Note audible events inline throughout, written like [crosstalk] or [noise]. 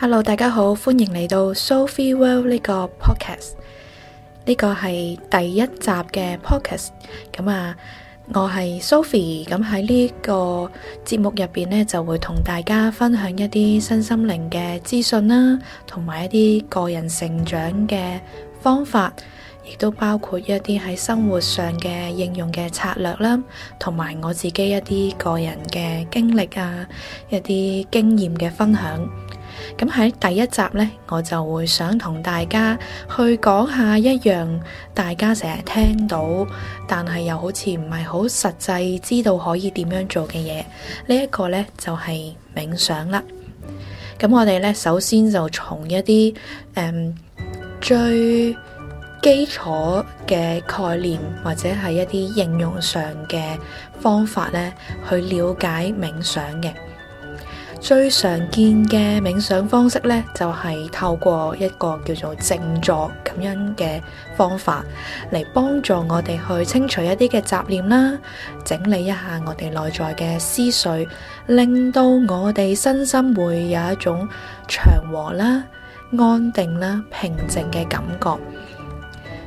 Hello，大家好，歡迎嚟到 Soul Free World 呢個 podcast，呢個係第一集嘅 podcast。咁啊，我係 Sophie，咁喺呢個節目入邊呢，就會同大家分享一啲身心靈嘅資訊啦，同埋一啲個人成長嘅方法，亦都包括一啲喺生活上嘅應用嘅策略啦，同埋我自己一啲個人嘅經歷啊，一啲經驗嘅分享。咁喺第一集呢，我就會想同大家去講下一樣大家成日聽到，但係又好似唔係好實際知道可以點樣做嘅嘢。呢、這、一個呢，就係、是、冥想啦。咁我哋呢，首先就從一啲、嗯、最基礎嘅概念，或者係一啲應用上嘅方法呢，去了解冥想嘅。最常見嘅冥想方式咧，就係、是、透過一個叫做靜坐咁樣嘅方法嚟幫助我哋去清除一啲嘅雜念啦，整理一下我哋內在嘅思緒，令到我哋身心會有一種祥和啦、安定啦、平靜嘅感覺，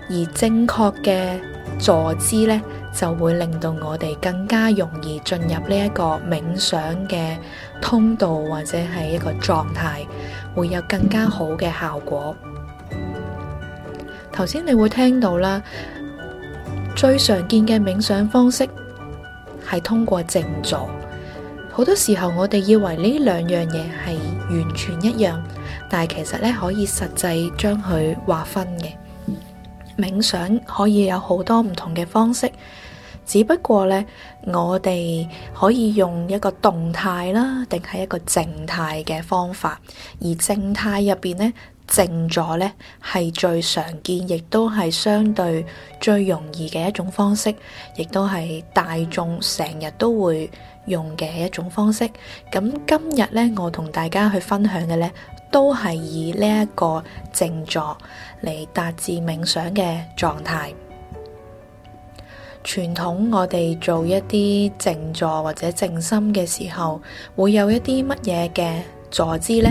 而正確嘅坐姿咧，就會令到我哋更加容易進入呢一個冥想嘅通道，或者係一個狀態，會有更加好嘅效果。頭先你會聽到啦，最常見嘅冥想方式係通過靜坐。好多時候我哋以為呢兩樣嘢係完全一樣，但係其實咧，可以實際將佢劃分嘅。冥想可以有好多唔同嘅方式，只不過咧，我哋可以用一個動態啦，定係一個靜態嘅方法。而靜態入邊咧，靜坐咧係最常見，亦都係相對最容易嘅一種方式，亦都係大眾成日都會用嘅一種方式，咁今日呢，我同大家去分享嘅呢，都係以呢一個靜坐嚟達至冥想嘅狀態。傳統我哋做一啲靜坐或者靜心嘅時候，會有一啲乜嘢嘅坐姿呢？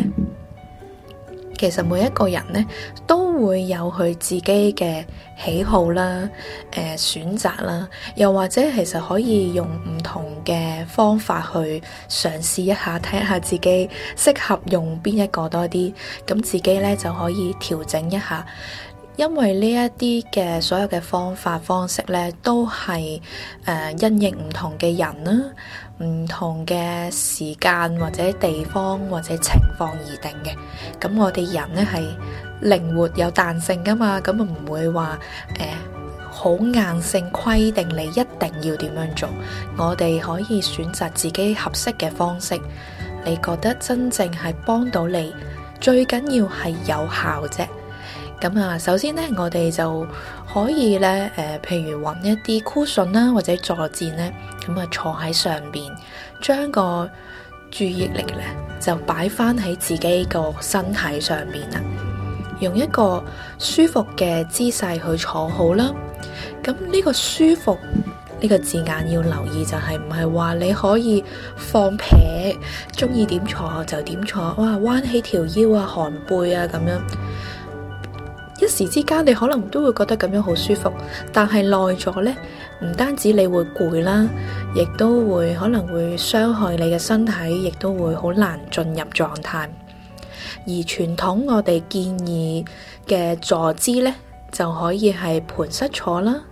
其實每一個人咧都會有佢自己嘅喜好啦，誒、呃、選擇啦，又或者其實可以用唔同嘅方法去嘗試一下，睇下自己適合用邊一個多啲，咁自己咧就可以調整一下，因為呢一啲嘅所有嘅方法方式咧都係誒、呃、因應唔同嘅人啦。唔同嘅時間或者地方或者情況而定嘅，咁我哋人呢係靈活有彈性噶嘛，咁就唔會話誒，好硬性規定你一定要點樣做，我哋可以選擇自己合適嘅方式，你覺得真正係幫到你，最緊要係有效啫。咁啊，首先咧，我哋就可以咧，誒、呃，譬如揾一啲箍 u 啦，或者坐墊咧，咁啊，就坐喺上邊，將個注意力咧就擺翻喺自己個身體上邊啦，用一個舒服嘅姿勢去坐好啦。咁呢個舒服呢、這個字眼要留意，就係唔係話你可以放撇，中意點坐就點坐，哇，彎起條腰啊，寒背啊，咁樣。一時之間，你可能都會覺得咁樣好舒服，但係耐咗呢，唔單止你會攰啦，亦都會可能會傷害你嘅身體，亦都會好難進入狀態。而傳統我哋建議嘅坐姿呢，就可以係盤膝坐啦，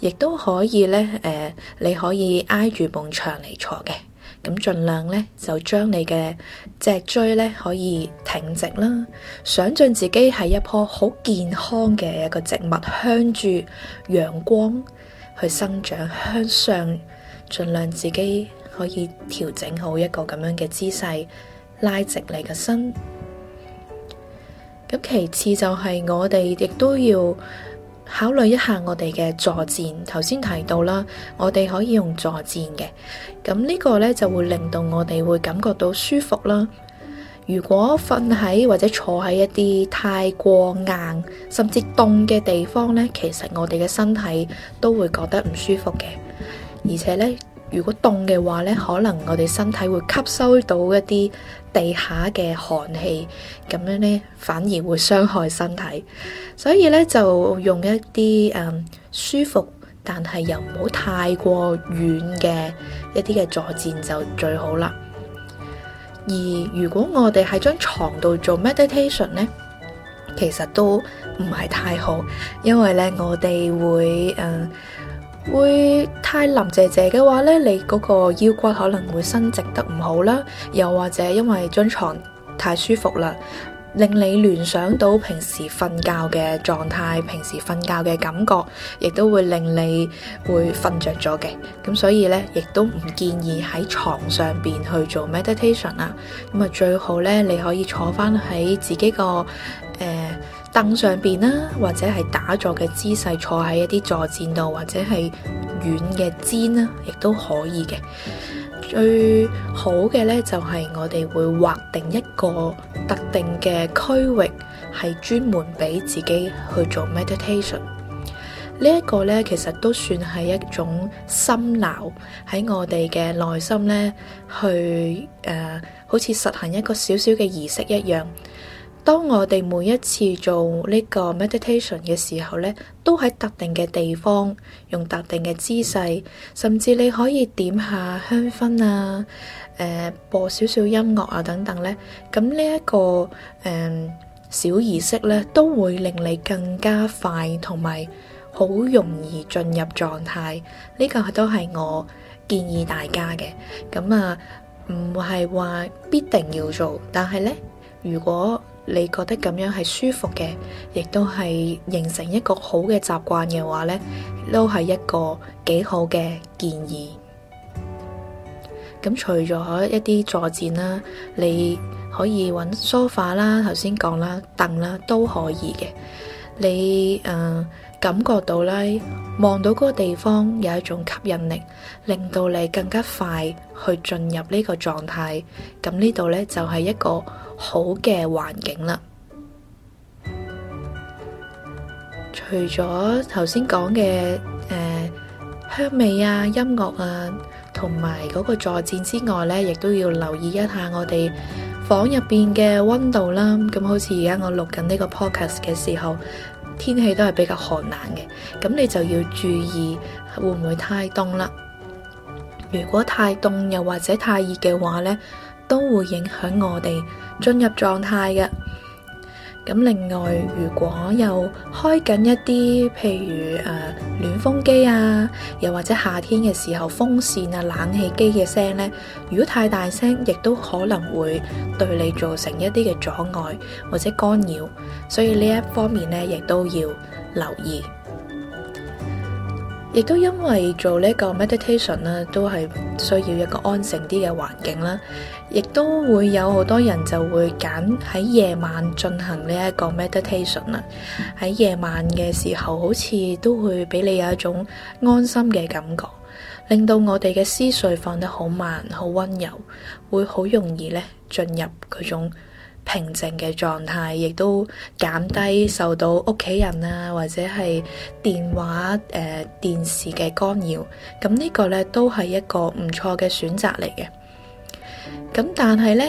亦都可以呢，誒、呃，你可以挨住埲牆嚟坐嘅。咁盡量咧就將你嘅脊椎咧可以挺直啦，想象自己係一棵好健康嘅一個植物，向住陽光去生長，向上，盡量自己可以調整好一個咁樣嘅姿勢，拉直你嘅身。咁其次就係我哋亦都要。考慮一下我哋嘅坐墊，頭先提到啦，我哋可以用坐墊嘅，咁呢個呢，就會令到我哋會感覺到舒服啦。如果瞓喺或者坐喺一啲太過硬甚至凍嘅地方呢，其實我哋嘅身體都會覺得唔舒服嘅，而且呢。如果凍嘅話咧，可能我哋身體會吸收到一啲地下嘅寒氣，咁樣咧反而會傷害身體。所以咧就用一啲誒、嗯、舒服，但係又唔好太過軟嘅一啲嘅坐墊就最好啦。而如果我哋喺張床度做 meditation 咧，其實都唔係太好，因為咧我哋會誒。嗯會太腍姐姐嘅話呢，你嗰個腰骨可能會伸直得唔好啦，又或者因為張床太舒服啦，令你聯想到平時瞓覺嘅狀態，平時瞓覺嘅感覺，亦都會令你會瞓着咗嘅。咁所以呢，亦都唔建議喺床上邊去做 meditation 啊。咁啊，最好呢，你可以坐翻喺自己個、呃凳上邊啦，或者係打坐嘅姿勢，坐喺一啲坐墊度，或者係軟嘅氈啦，亦都可以嘅。最好嘅咧，就係、是、我哋會劃定一個特定嘅區域，係專門俾自己去做 meditation。這個、呢一個咧，其實都算係一種心錨喺我哋嘅內心咧，去誒、呃，好似實行一個小小嘅儀式一樣。當我哋每一次做呢個 meditation 嘅時候呢，都喺特定嘅地方，用特定嘅姿勢，甚至你可以點下香薰啊，誒、呃、播少少音樂啊等等呢，咁呢一個誒、呃、小儀式呢，都會令你更加快同埋好容易進入狀態。呢、呢個都係我建議大家嘅。咁啊，唔係話必定要做，但係呢，如果你覺得咁樣係舒服嘅，亦都係形成一個好嘅習慣嘅話呢都係一個幾好嘅建議。咁除咗一啲坐墊啦，你可以揾梳化啦，頭先講啦，凳啦都可以嘅。你誒感覺到咧，望到嗰個地方有一種吸引力，令到你更加快去進入呢個狀態。咁呢度咧，就係一個好嘅環境啦。除咗頭先講嘅誒香味啊、音樂啊，同埋嗰個助戰之外咧，亦都要留意一下我哋房入邊嘅溫度啦，咁好似而家我錄緊呢個 podcast 嘅時候，天氣都係比較寒冷嘅，咁你就要注意會唔會太凍啦？如果太凍又或者太熱嘅話咧，都會影響我哋進入狀態嘅。咁另外，如果又開緊一啲，譬如誒、呃、暖風機啊，又或者夏天嘅時候風扇啊、冷氣機嘅聲咧，如果太大聲，亦都可能會對你造成一啲嘅阻礙或者干擾，所以呢一方面咧，亦都要留意。亦都因為做呢個 meditation 啦，都係需要一個安靜啲嘅環境啦。亦都會有好多人就會揀喺夜晚進行呢一個 meditation 啦、嗯。喺夜晚嘅時候，好似都會俾你有一種安心嘅感覺，令到我哋嘅思緒放得好慢、好溫柔，會好容易呢進入嗰種平靜嘅狀態，亦都減低受到屋企人啊或者係電話、誒、呃、電視嘅干擾。咁、嗯、呢、這個呢，都係一個唔錯嘅選擇嚟嘅。咁、嗯、但係呢，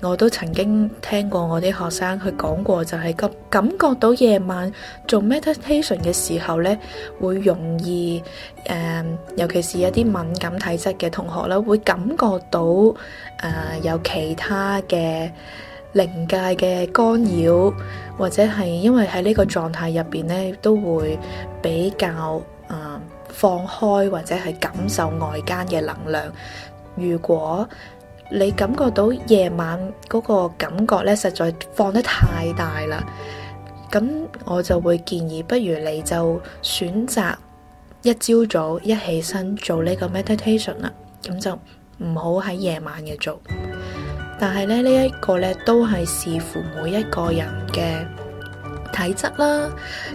我都曾經聽過我啲學生去講過、就是，就係感感覺到夜晚做 meditation 嘅時候呢，會容易誒、呃，尤其是一啲敏感體質嘅同學啦，會感覺到誒、呃、有其他嘅。靈界嘅干擾，或者係因為喺呢個狀態入邊呢，都會比較誒、呃、放開，或者係感受外間嘅能量。如果你感覺到夜晚嗰個感覺呢，實在放得太大啦，咁我就會建議，不如你就選擇一朝早一起身做呢個 meditation 啦，咁就唔好喺夜晚嘅做。但係咧，這個、呢一個咧都係視乎每一個人嘅體質啦。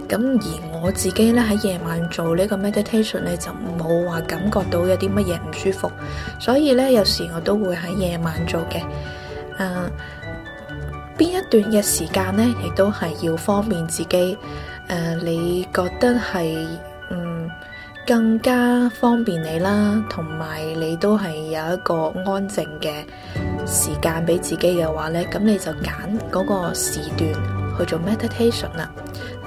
咁而我自己咧，喺夜晚做呢個 meditation 咧，就冇話感覺到有啲乜嘢唔舒服。所以咧，有時我都會喺夜晚做嘅。誒、呃，邊一段嘅時間咧，亦都係要方便自己。誒、呃，你覺得係嗯更加方便你啦，同埋你都係有一個安靜嘅。時間俾自己嘅話呢，咁你就揀嗰個時段去做 meditation 啦。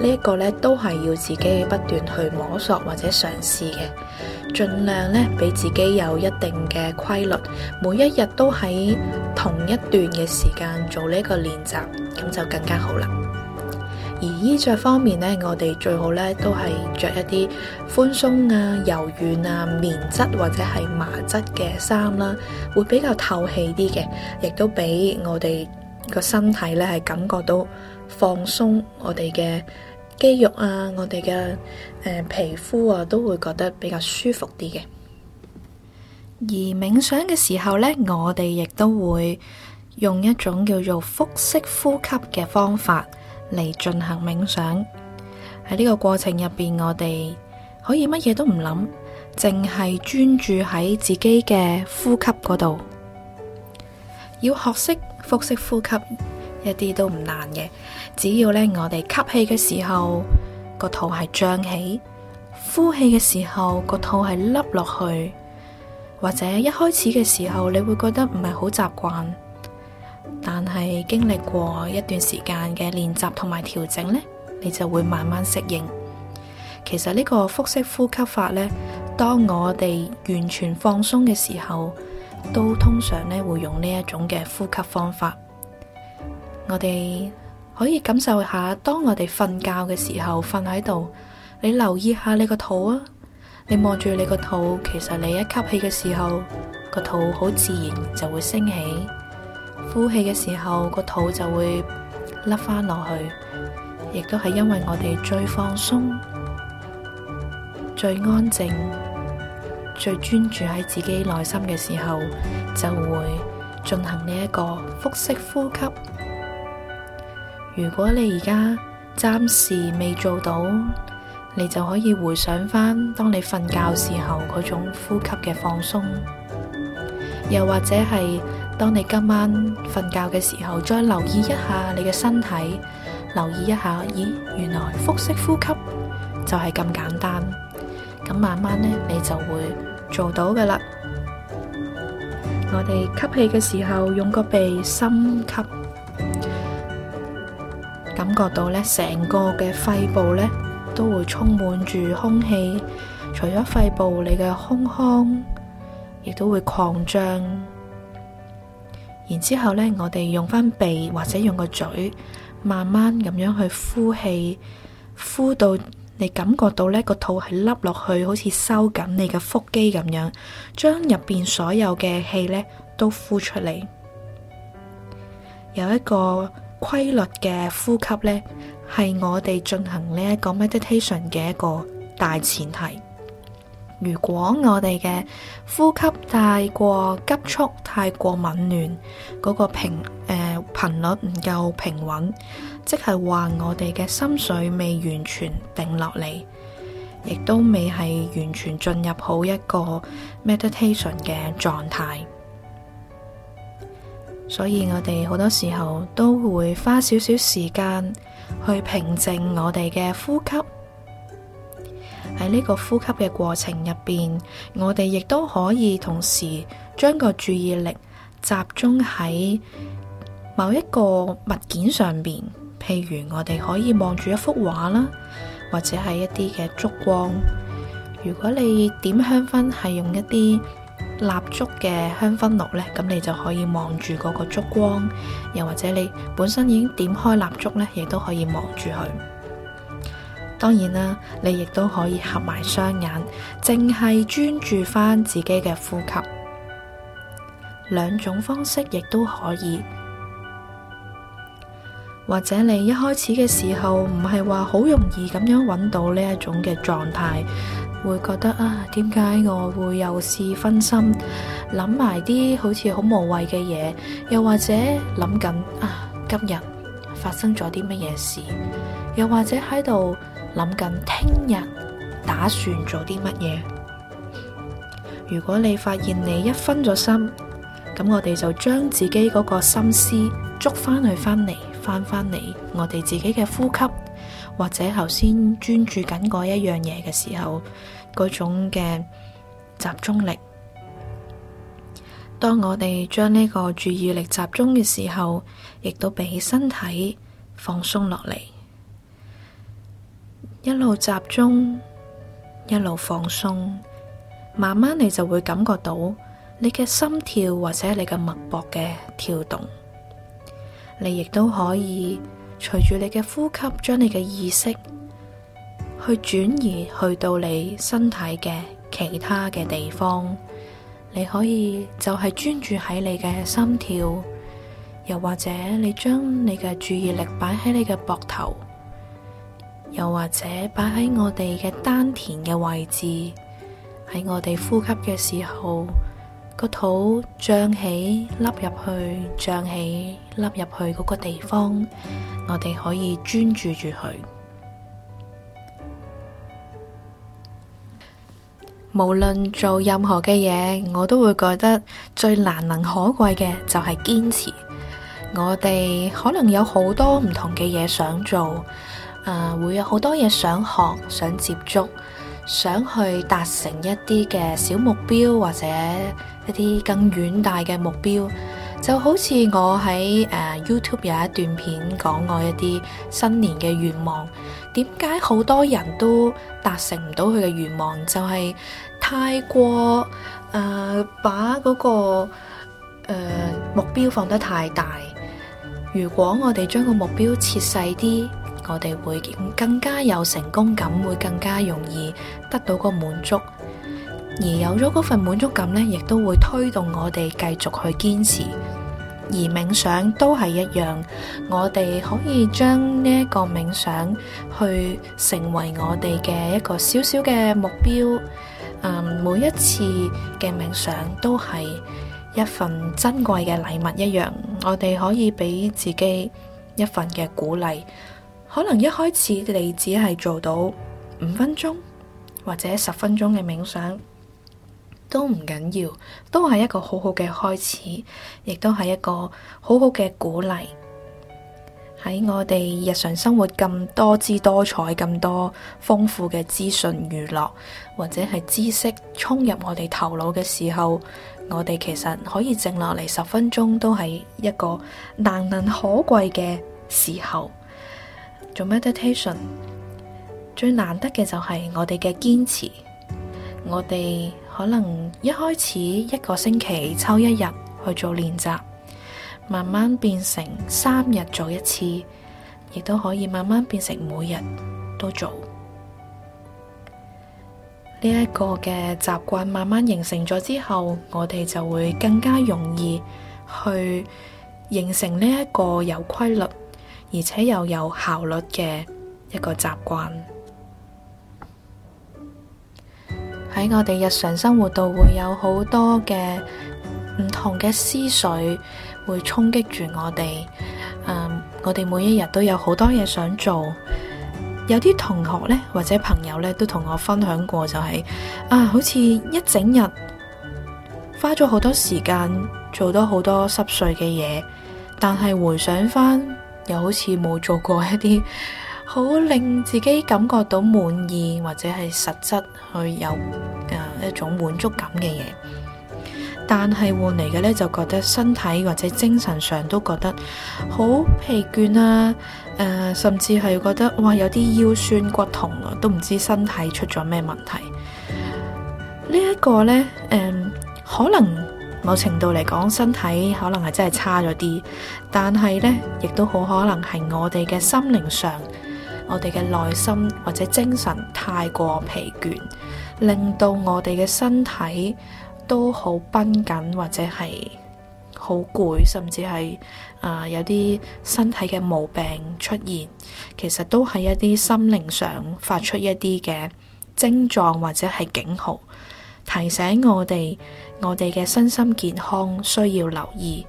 這個、呢一個呢都係要自己不斷去摸索或者嘗試嘅，盡量呢俾自己有一定嘅規律，每一日都喺同一段嘅時間做呢一個練習，咁就更加好啦。.而衣着方面咧，我哋最好咧都係着一啲寬鬆啊、柔軟啊、棉質或者係麻質嘅衫啦，會比較透氣啲嘅，亦都俾我哋個身體咧係感覺到放鬆，我哋嘅肌肉啊、我哋嘅誒皮膚啊都會覺得比較舒服啲嘅。而冥想嘅時候咧，我哋亦都會用一種叫做腹式呼吸嘅方法。嚟進行冥想，喺呢個過程入邊，我哋可以乜嘢都唔諗，淨係專注喺自己嘅呼吸嗰度。要學識腹式呼吸，一啲都唔難嘅。只要呢，我哋吸氣嘅時候個肚係脹起，呼氣嘅時候個肚係凹落去。或者一開始嘅時候，你會覺得唔係好習慣。但係經歷過一段時間嘅練習同埋調整呢，你就會慢慢適應。其實呢個腹式呼吸法呢，當我哋完全放鬆嘅時候，都通常呢會用呢一種嘅呼吸方法。我哋可以感受下，當我哋瞓覺嘅時候，瞓喺度，你留意下你個肚啊，你望住你個肚，其實你一吸氣嘅時候，個肚好自然就會升起，呼氣嘅時候，個肚就會甩翻落去，亦都係因為我哋最放鬆、最安靜、最專注喺自己內心嘅時候，就會進行呢一個腹式呼吸。如果你而家暫時未做到，你就可以回想翻當你瞓覺時候嗰種呼吸嘅放鬆，又或者係。當你今晚瞓覺嘅時候，再留意一下你嘅身體，留意一下，咦,原來腹式呼吸就係咁簡單。咁慢慢咧，你就會做到噶啦。我哋吸氣嘅時候，用個鼻深吸，感覺到咧成個嘅肺部咧都會充滿住空氣，除咗肺部，你嘅胸腔亦都會擴張。然之後呢，我哋用翻鼻或者用個嘴，慢慢咁樣去呼氣，呼到你感覺到呢個肚係凹落去，好似收緊你嘅腹肌咁樣，將入邊所有嘅氣呢都呼出嚟。有一個規律嘅呼吸呢，係我哋進行呢一個 meditation 嘅一個大前提。如果我哋嘅呼吸太過急促、太過紊亂，嗰、那個平誒、呃、頻率唔夠平穩，即係話我哋嘅心水未完全定落嚟，亦都未係完全進入好一個 meditation 嘅狀態。所以我哋好多時候都會花少少時間去平靜我哋嘅呼吸。喺呢個呼吸嘅過程入邊，我哋亦都可以同時將個注意力集中喺某一個物件上邊。譬如我哋可以望住一幅畫啦，或者係一啲嘅燭光。如果你點香薰係用一啲蠟燭嘅香薰爐呢，咁你就可以望住嗰個燭光，又或者你本身已經點開蠟燭呢，亦都可以望住佢。當然啦，你亦都可以合埋雙眼，淨係專注翻自己嘅呼吸，兩種方式亦都可以。或者你一開始嘅時候唔係話好容易咁樣揾到呢一種嘅狀態，會覺得啊，點解我會又試分心，諗埋啲好似好無謂嘅嘢，又或者諗緊啊，今日發生咗啲乜嘢事，又或者喺度。諗緊聽日打算做啲乜嘢？如果你發現你一分咗心，咁我哋就將自己嗰個心思捉翻去返嚟，翻返嚟。我哋自己嘅呼吸，或者頭先專注緊嗰一樣嘢嘅時候，嗰種嘅集中力。當我哋將呢個注意力集中嘅時候，亦都俾身體放鬆落嚟。一路集中，一路放鬆，慢慢你就會感覺到你嘅心跳或者你嘅脈搏嘅跳動。你亦都可以隨住你嘅呼吸，將你嘅意識去轉移去到你身體嘅其他嘅地方。你可以就係專注喺你嘅心跳，又或者你將你嘅注意力擺喺你嘅膊頭。又或者擺喺我哋嘅丹田嘅位置，喺我哋呼吸嘅時候，個肚脹起凹入去，脹起凹入去嗰個地方，我哋可以專注住佢。 [noise] 無論做任何嘅嘢，我都會覺得最難能可貴嘅就係堅持。我哋可能有好多唔同嘅嘢想做。誒，會有好多嘢想學、想接觸、想去達成一啲嘅小目標，或者一啲更遠大嘅目標。就好似我喺誒、uh, YouTube 有一段片講我一啲新年嘅願望。點解好多人都達成唔到佢嘅願望？就係、是、太過誒、uh，把嗰、那個誒、uh，目標放得太大。如果我哋將個目標切細啲。我哋會更加有成功感，會更加容易得到個滿足，而有咗嗰份滿足感呢，亦都會推動我哋繼續去堅持。而冥想都係一樣，我哋可以將呢一個冥想去成為我哋嘅一個小小嘅目標。嗯，每一次嘅冥想都係一份珍貴嘅禮物一樣，我哋可以俾自己一份嘅鼓勵。可能一開始你只係做到五分鐘或者十分鐘嘅冥想都唔緊要，都係一個好好嘅開始，亦都係一個好好嘅鼓勵。喺我哋日常生活咁多姿多彩、咁多豐富嘅資訊、娛樂或者係知識沖入我哋頭腦嘅時候，我哋其實可以靜落嚟，十分鐘，都係一個難能可貴嘅時候。做 meditation，最難得嘅就係我哋嘅堅持。我哋可能一開始一個星期抽一日去做練習，慢慢變成三日做一次，亦都可以慢慢變成每日都做。呢一個嘅習慣慢慢形成咗之後，我哋就會更加容易去形成呢一個有規律。而且又有效率嘅一個習慣，喺我哋日常生活度會有好多嘅唔同嘅思緒會衝擊住我哋。Um, 我哋每一日都有好多嘢想做，有啲同學呢，或者朋友呢，都同我分享過、就係，就係啊，好似一整日花咗好多時間做咗好多濕碎嘅嘢，但係回想返。又好似冇做過一啲好令自己感覺到滿意或者係實質去有誒，一種滿足感嘅嘢，但係換嚟嘅呢，就覺得身體或者精神上都覺得好疲倦啊，誒，甚至係覺得哇，有啲腰酸骨痛啊，都唔知身體出咗咩問題。呢一個呢，誒，可能。某程度嚟講，身體可能係真係差咗啲，但係呢，亦都好可能係我哋嘅心靈上，我哋嘅內心或者精神太過疲倦，令到我哋嘅身體都好繃緊或者係好攰，甚至係啊、呃、有啲身體嘅毛病出現，其實都係一啲心靈上發出一啲嘅症狀或者係警號。提醒我哋，我哋嘅身心健康需要留意，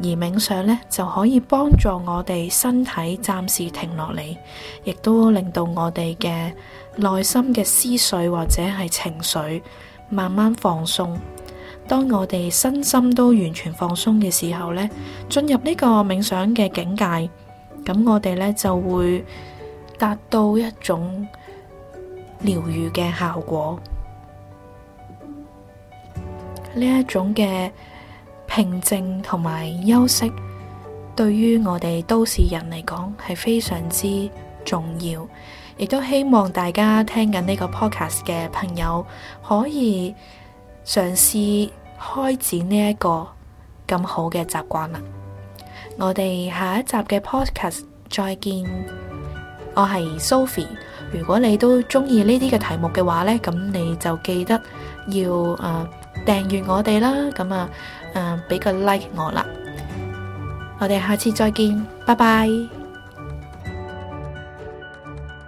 而冥想呢，就可以幫助我哋身體暫時停落嚟，亦都令到我哋嘅內心嘅思緒或者係情緒慢慢放鬆。當我哋身心都完全放鬆嘅時候呢，進入呢個冥想嘅境界，咁我哋呢就會達到一種療愈嘅效果。呢一種嘅平靜同埋休息，對於我哋都市人嚟講係非常之重要，亦都希望大家聽緊呢個 podcast 嘅朋友可以嘗試開展呢一個咁好嘅習慣啦。我哋下一集嘅 podcast 再見，我係 Sophie。如果你都中意呢啲嘅題目嘅話呢，咁你就記得要、呃訂閱我哋啦，咁啊，誒、呃，俾個 like 我啦，我哋下次再見，拜拜。